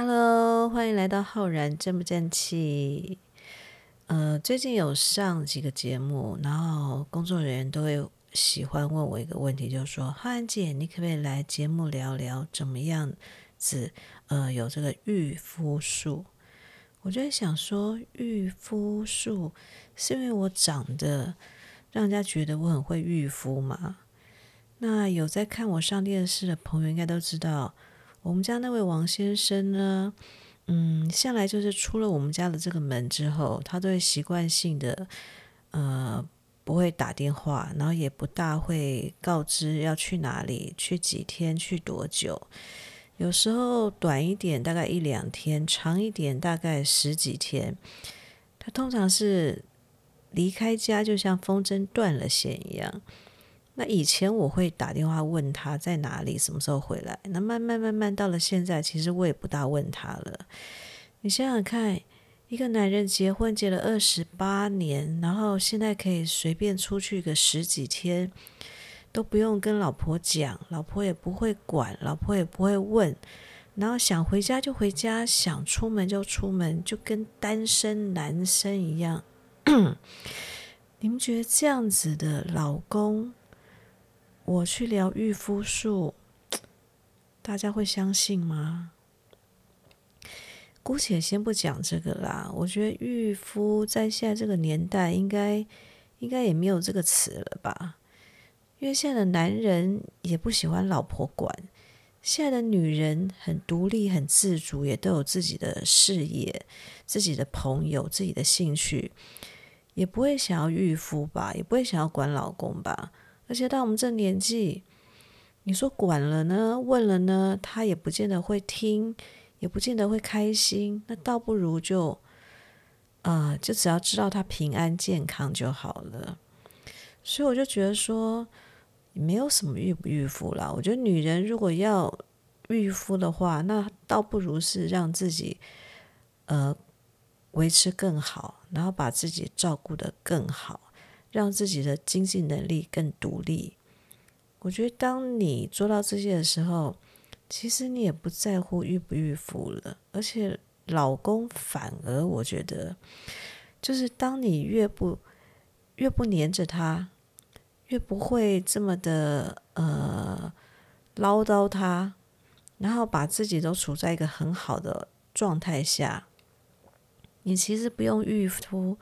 Hello，歡迎來到浩然正不正氣。呃，最近有上幾個節目，然後工作人員都會喜歡問我一個問題，就是說浩然姐，你可不可以來節目聊聊怎麼樣子？呃，有這個馭夫術，我就在想說，馭夫術是因為我長得讓人家覺得我很會馭夫嗎？那有在看我上電視的朋友，應該都知道。我們家那位王先生呢，嗯，向來就是出了我們家的這個門之後，他都會習慣性的，呃，不會打電話，然後也不大會告知要去哪裡、去幾天、去多久。有時候短一點，大概一兩天，長一點，大概十幾天。他通常是離開家，就像風箏斷了線一樣。那以前我會打電話問他在哪裡，什麼時候回來。那慢慢慢慢到了現在，其實我也不大問他了。你想想看，一個男人結婚結了二十八年，然後現在可以隨便出去個十幾天，都不用跟老婆講，老婆也不會管，老婆也不會問，然後想回家就回家，想出門就出門，就跟單身男生一樣。 你們覺得這樣子的老公？我去聊馭夫術，大家會相信嗎？姑且先不講這個啦。我覺得馭夫在現在這個年代，應該應該也沒有這個詞了吧？因為現在的男人也不喜歡老婆管，現在的女人很獨立、很自主，也都有自己的事業、自己的朋友、自己的興趣，也不會想要馭夫吧，也不會想要管老公吧。而且到我們這年紀，你說管了呢，問了呢，他也不見得會聽，也不見得會開心。那倒不如就，呃，就只要知道他平安健康就好了。所以我就覺得說，沒有什麼馭不馭夫啦，我覺得女人如果要馭夫的話，那倒不如是讓自己，呃，維持更好，然後把自己照顧得更好。讓自己的經濟能力更獨立。我覺得，當你做到這些的時候，其實你也不在乎馭不馭夫了。而且，老公反而我覺得，就是當你越不越不黏着他，越不會這麼的呃嘮叨他，然後把自己都處在一個很好的狀態下，你其實不用馭夫。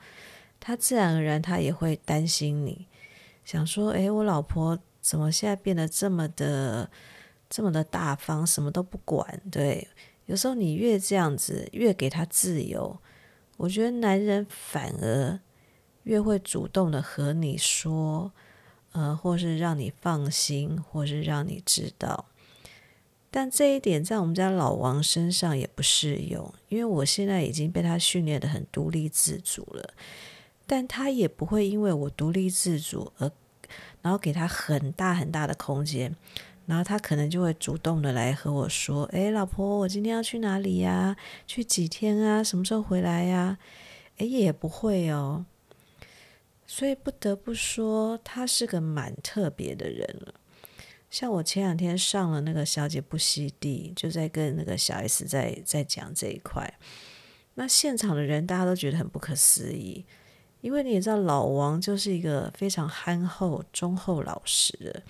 他自然而然，他也會擔心你，想說：“誒，我老婆怎麼現在變得這麼的、這麼的大方，什麼都不管？”對，有時候你越這樣子，越給他自由，我覺得男人反而越會主動的和你說，呃，或是讓你放心，或是讓你知道。但這一點在我們家老王身上也不適用，因為我現在已經被他訓練得很獨立自主了。但他也不會因為我獨立自主而，然後給他很大很大的空間，然後他可能就會主動的來和我說：“哎，老婆，我今天要去哪裡呀？去幾天啊？什麼時候回來呀？”哎，也不會哦。所以不得不說，他是個蠻特別的人了。像我前兩天上了那個《小姐不熙娣》，就在跟那個小 S 在在講這一塊，那現場的人大家都覺得很不可思議。因為你也知道，老王就是一個非常憨厚、忠厚、老實的。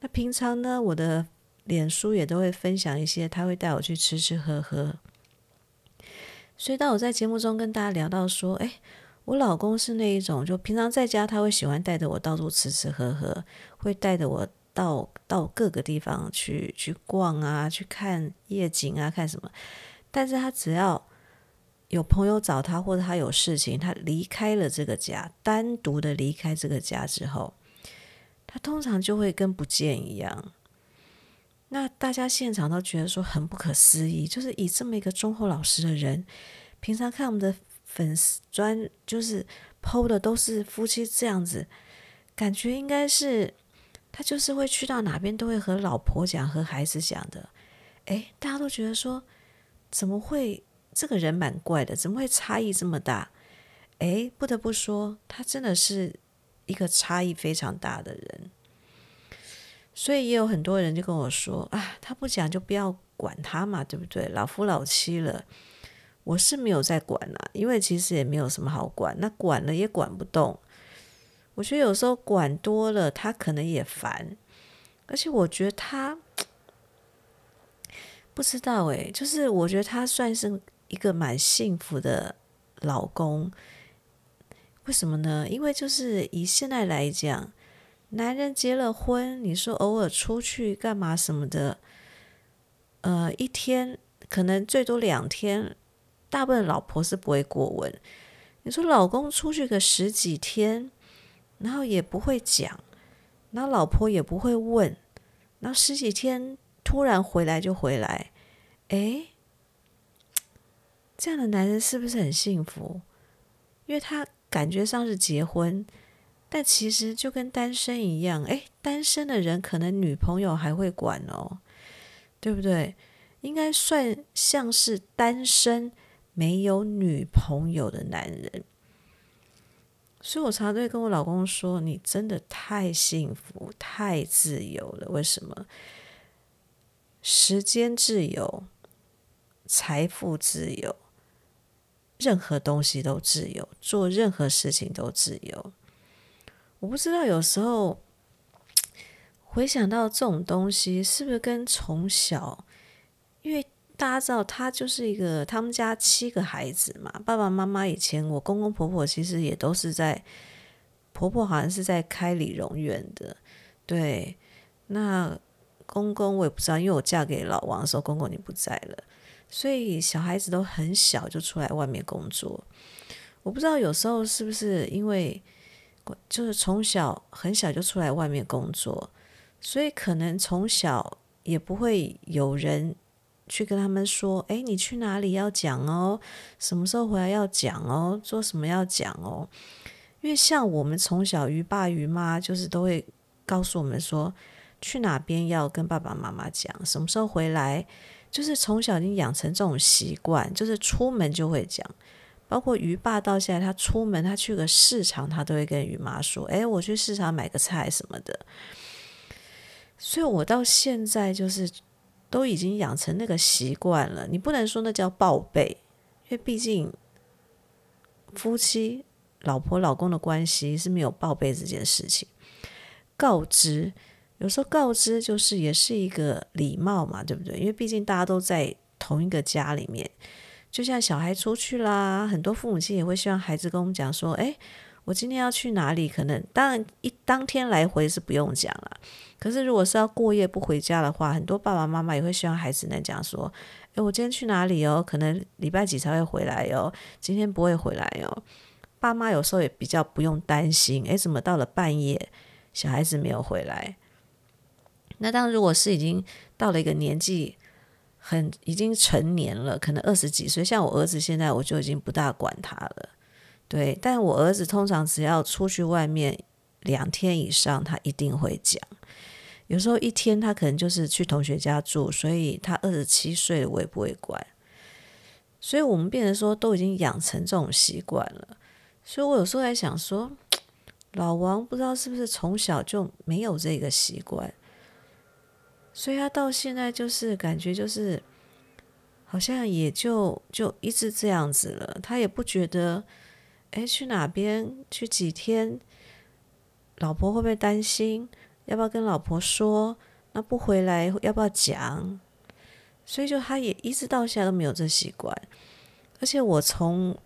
那平常呢，我的臉書也都會分享一些，他會帶我去吃吃喝喝。所以，當我在節目中跟大家聊到說，哎，我老公是那一種，就平常在家，他會喜歡帶着我到處吃吃喝喝，會帶着我到到各個地方去去逛啊，去看夜景啊，看什麼。但是他只要有朋友找他，或者他有事情，他離開了這個家，單獨的離開這個家之後，他通常就會跟不見一樣。那大家現場都覺得說很不可思議，就是以這麼一個忠厚老實的人，平常看我們的粉絲專就是 PO 的都是夫妻這樣子，感覺應該是他就是會去到哪邊都會和老婆講、和孩子講的。誒，大家都覺得說怎麼會？這個人蠻怪的，怎麼會差異這麼大？誒，不得不說，他真的是一個差異非常大的人。所以也有很多人就跟我說啊，他不講就不要管他嘛，對不對？老夫老妻了，我是沒有在管啊，因為其實也沒有什麼好管，那管了也管不動。我覺得有時候管多了，他可能也煩，而且我覺得他不知道誒，就是我覺得他算是。一個蠻幸福的老公，為什麼呢？因為就是以現在來講，男人結了婚，你說偶爾出去幹嘛什麼的，呃，一天可能最多兩天，大部分老婆是不會過問。你說老公出去個十幾天，然後也不會講，然後老婆也不會問，然後十幾天突然回來就回來，誒。這樣的男人是不是很幸福？因為他感覺上是結婚，但其實就跟單身一樣。誒，單身的人可能女朋友還會管哦，對不對？應該算像是單身沒有女朋友的男人。所以我常常會跟我老公說：“你真的太幸福、太自由了。為什麼？時間自由，財富自由。”任何東西都自由，做任何事情都自由。我不知道，有時候回想到這種東西，是不是跟從小，因為大家知道他就是一個他們家七個孩子嘛，爸爸媽媽以前，我公公婆婆其實也都是在，婆婆好像是在開理容院的，對，那公公我也不知道，因為我嫁給老王的時候，公公你不在了。所以小孩子都很小就出來外面工作，我不知道有時候是不是因為，就是從小很小就出來外面工作，所以可能從小也不會有人去跟他們說，哎，你去哪裡要講哦，什麼時候回來要講哦，做什麼要講哦，因為像我們從小於爸於媽就是都會告訴我們說，去哪邊要跟爸爸媽媽講，什麼時候回來。就是從小已經養成這種習慣，就是出門就會講，包括魚爸到現在，他出門他去個市場，他都會跟魚媽說：“哎，我去市場買個菜什麼的。”所以，我到現在就是都已經養成那個習慣了。你不能說那叫報備，因為畢竟夫妻、老婆、老公的關係是沒有報備這件事情，告知。有時候告知就是也是一個禮貌嘛，對不對？因為畢竟大家都在同一個家裡面，就像小孩出去啦，很多父母親也會希望孩子跟我們講說：“哎，我今天要去哪裡？”可能當然一當天來回是不用講了，可是如果是要過夜不回家的話，很多爸爸媽媽也會希望孩子能講說：“哎，我今天去哪裡哦？可能禮拜幾才會回來哦，今天不會回來哦。”爸媽有時候也比較不用擔心，哎，怎麼到了半夜小孩子沒有回來？那當然如果是已經到了一個年紀很、很已經成年了，可能二十幾歲，像我兒子現在我就已經不大管他了，對。但我兒子通常只要出去外面兩天以上，他一定會講。有時候一天他可能就是去同學家住，所以他二十七歲我也不會管。所以我們變成說都已經養成這種習慣了。所以我有時候還想說，老王不知道是不是從小就沒有這個習慣。所以他到現在就是感覺就是，好像也就就一直這樣子了。他也不覺得，誒，去哪邊去幾天，老婆會不會擔心？要不要跟老婆說？那不回來要不要講？所以就他也一直到現在都沒有這習慣。而且我從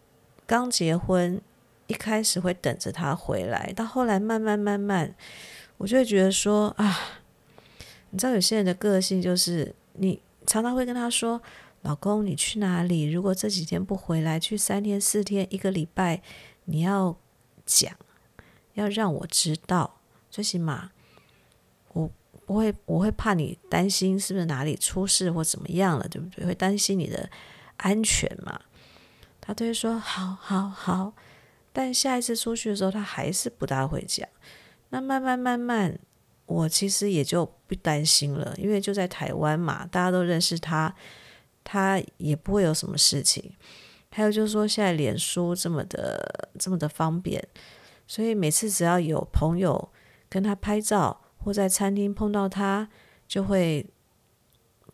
剛結婚一開始會等着他回來，到後來慢慢慢慢，我就會覺得說啊。你知道有些人的個性就是，你常常會跟他說：“老公，你去哪裡？如果這幾天不回來，去三天四天一個禮拜，你要講，要讓我知道，最起碼我不會，我會怕你擔心是不是哪裡出事或怎麼樣了，對不對？會擔心你的安全嘛？”他都會說：“好，好，好。”但下一次出去的時候，他還是不大會講。那慢慢慢慢，我其實也就。不擔心了，因為就在台灣嘛，大家都認識他，他也不會有什麼事情。還有就是說，現在臉書這麼的、這麼的方便，所以每次只要有朋友跟他拍照，或在餐廳碰到他，就會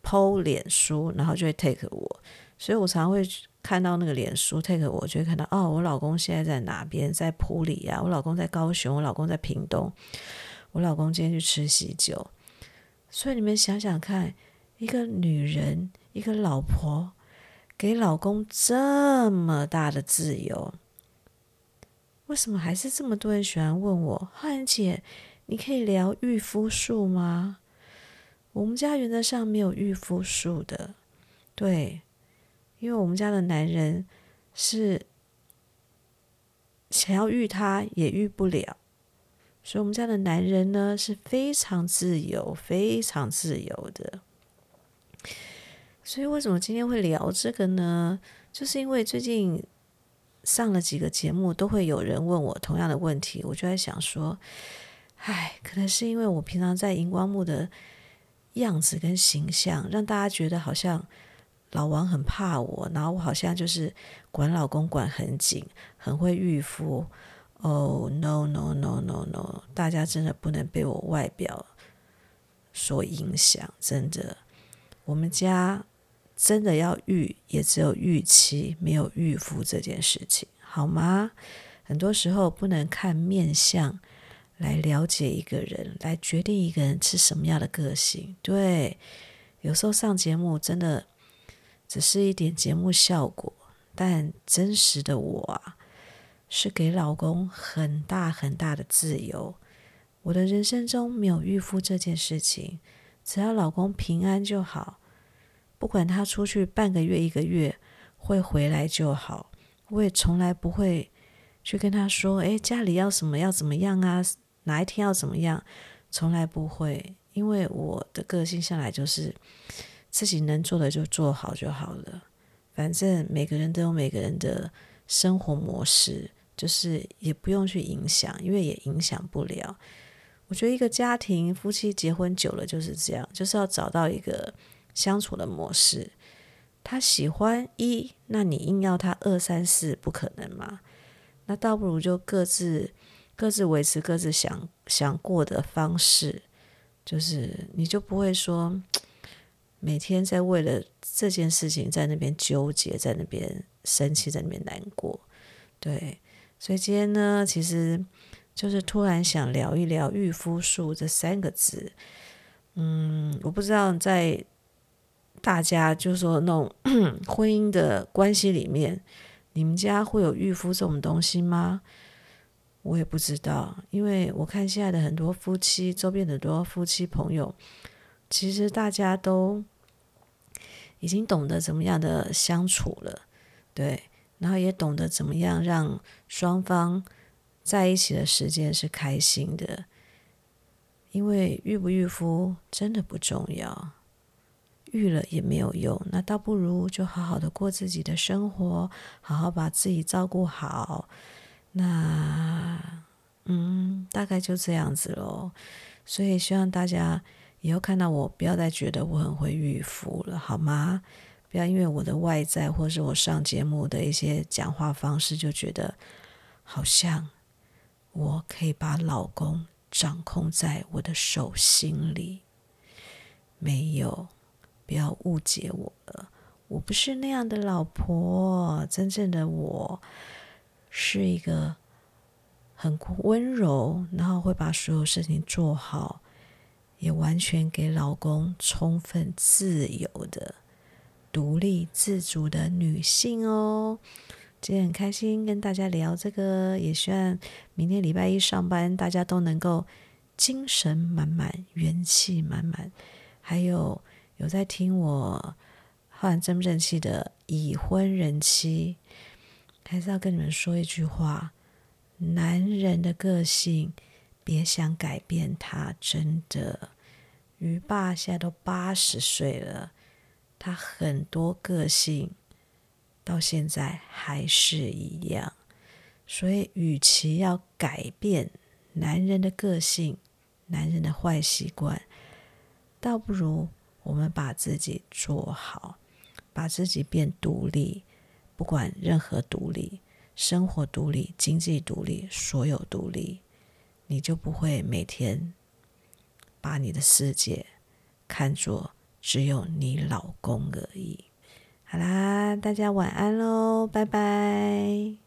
po 臉書，然後就會 take 我。所以我常會看到那個臉書 take 我，就會看到哦，我老公現在在哪邊？在埔里呀、啊，我老公在高雄，我老公在屏東，我老公今天去吃喜酒。所以你們想想看，一個女人，一個老婆，給老公這麼大的自由，為什麼還是這麼多人喜歡問我？浩然、啊、姐，你可以聊馭夫術嗎？我們家原則上沒有馭夫術的，對，因為我們家的男人是想要馭他也馭不了。所以，我們家的男人呢是非常自由、非常自由的。所以，為什麼今天會聊這個呢？就是因為最近上了幾個節目，都會有人問我同樣的問題。我就在想說，唉，可能是因為我平常在熒光幕的樣子跟形象，讓大家覺得好像老王很怕我，然後我好像就是管老公管很緊、很會馭夫。Oh no, no no no no no！大家真的不能被我外表所影響，真的。我們家真的要馭，也只有預期，沒有預付這件事情，好嗎？很多時候不能看面相來了解一個人，來決定一個人是什麼樣的個性。對，有時候上節目真的只是一點節目效果，但真實的我啊。是給老公很大很大的自由。我的人生中沒有馭夫這件事情，只要老公平安就好，不管他出去半個月一個月會回來就好。我也從來不會去跟他說，哎，家裡要什麼要怎麼樣啊？哪一天要怎麼樣？從來不會，因為我的個性向來就是自己能做的就做好就好了。反正每個人都有每個人的生活模式。就是也不用去影響，因為也影響不了。我覺得一個家庭夫妻結婚久了就是這樣，就是要找到一個相處的模式。他喜歡一，那你硬要他二三四，不可能嘛，那倒不如就各自各自維持各自想想過的方式，就是你就不會說每天在為了這件事情在那邊糾結，在那邊生氣，在那邊難過，對。所以今天呢，其實就是突然想聊一聊“馭夫術”這三個字。嗯，我不知道在大家就是說那種婚姻的關係裡面，你們家會有馭夫這種東西嗎？我也不知道，因為我看現在的很多夫妻，周邊很多夫妻朋友，其實大家都已經懂得怎麼樣的相處了，對。然後也懂得怎麼樣讓雙方在一起的時間是開心的，因為馭不馭夫真的不重要，馭了也沒有用，那倒不如就好好的過自己的生活，好好把自己照顧好，那嗯，大概就這樣子嘍。所以希望大家以後看到我，不要再覺得我很會馭夫了，好嗎？不要因為我的外在，或是我上節目的一些講話方式，就覺得好像我可以把老公掌控在我的手心裡。沒有，不要誤解我了，我不是那樣的老婆。真正的我是一個很溫柔，然後會把所有事情做好，也完全給老公充分自由的。獨立自主的女性哦，今天很開心跟大家聊這個，也希望明天禮拜一上班大家都能夠精神滿滿、元氣滿滿。還有有在聽我，看正不正氣的已婚人妻，還是要跟你們說一句話：男人的個性，別想改變他，真的。魚爸現在都八十歲了。他很多個性到現在還是一樣，所以，與其要改變男人的個性、男人的壞習慣，倒不如我們把自己做好，把自己變獨立，不管任何獨立，生活獨立、經濟獨立、所有獨立，你就不會每天把你的世界看作，只有你老公而已。好啦，大家晚安嘍，拜拜。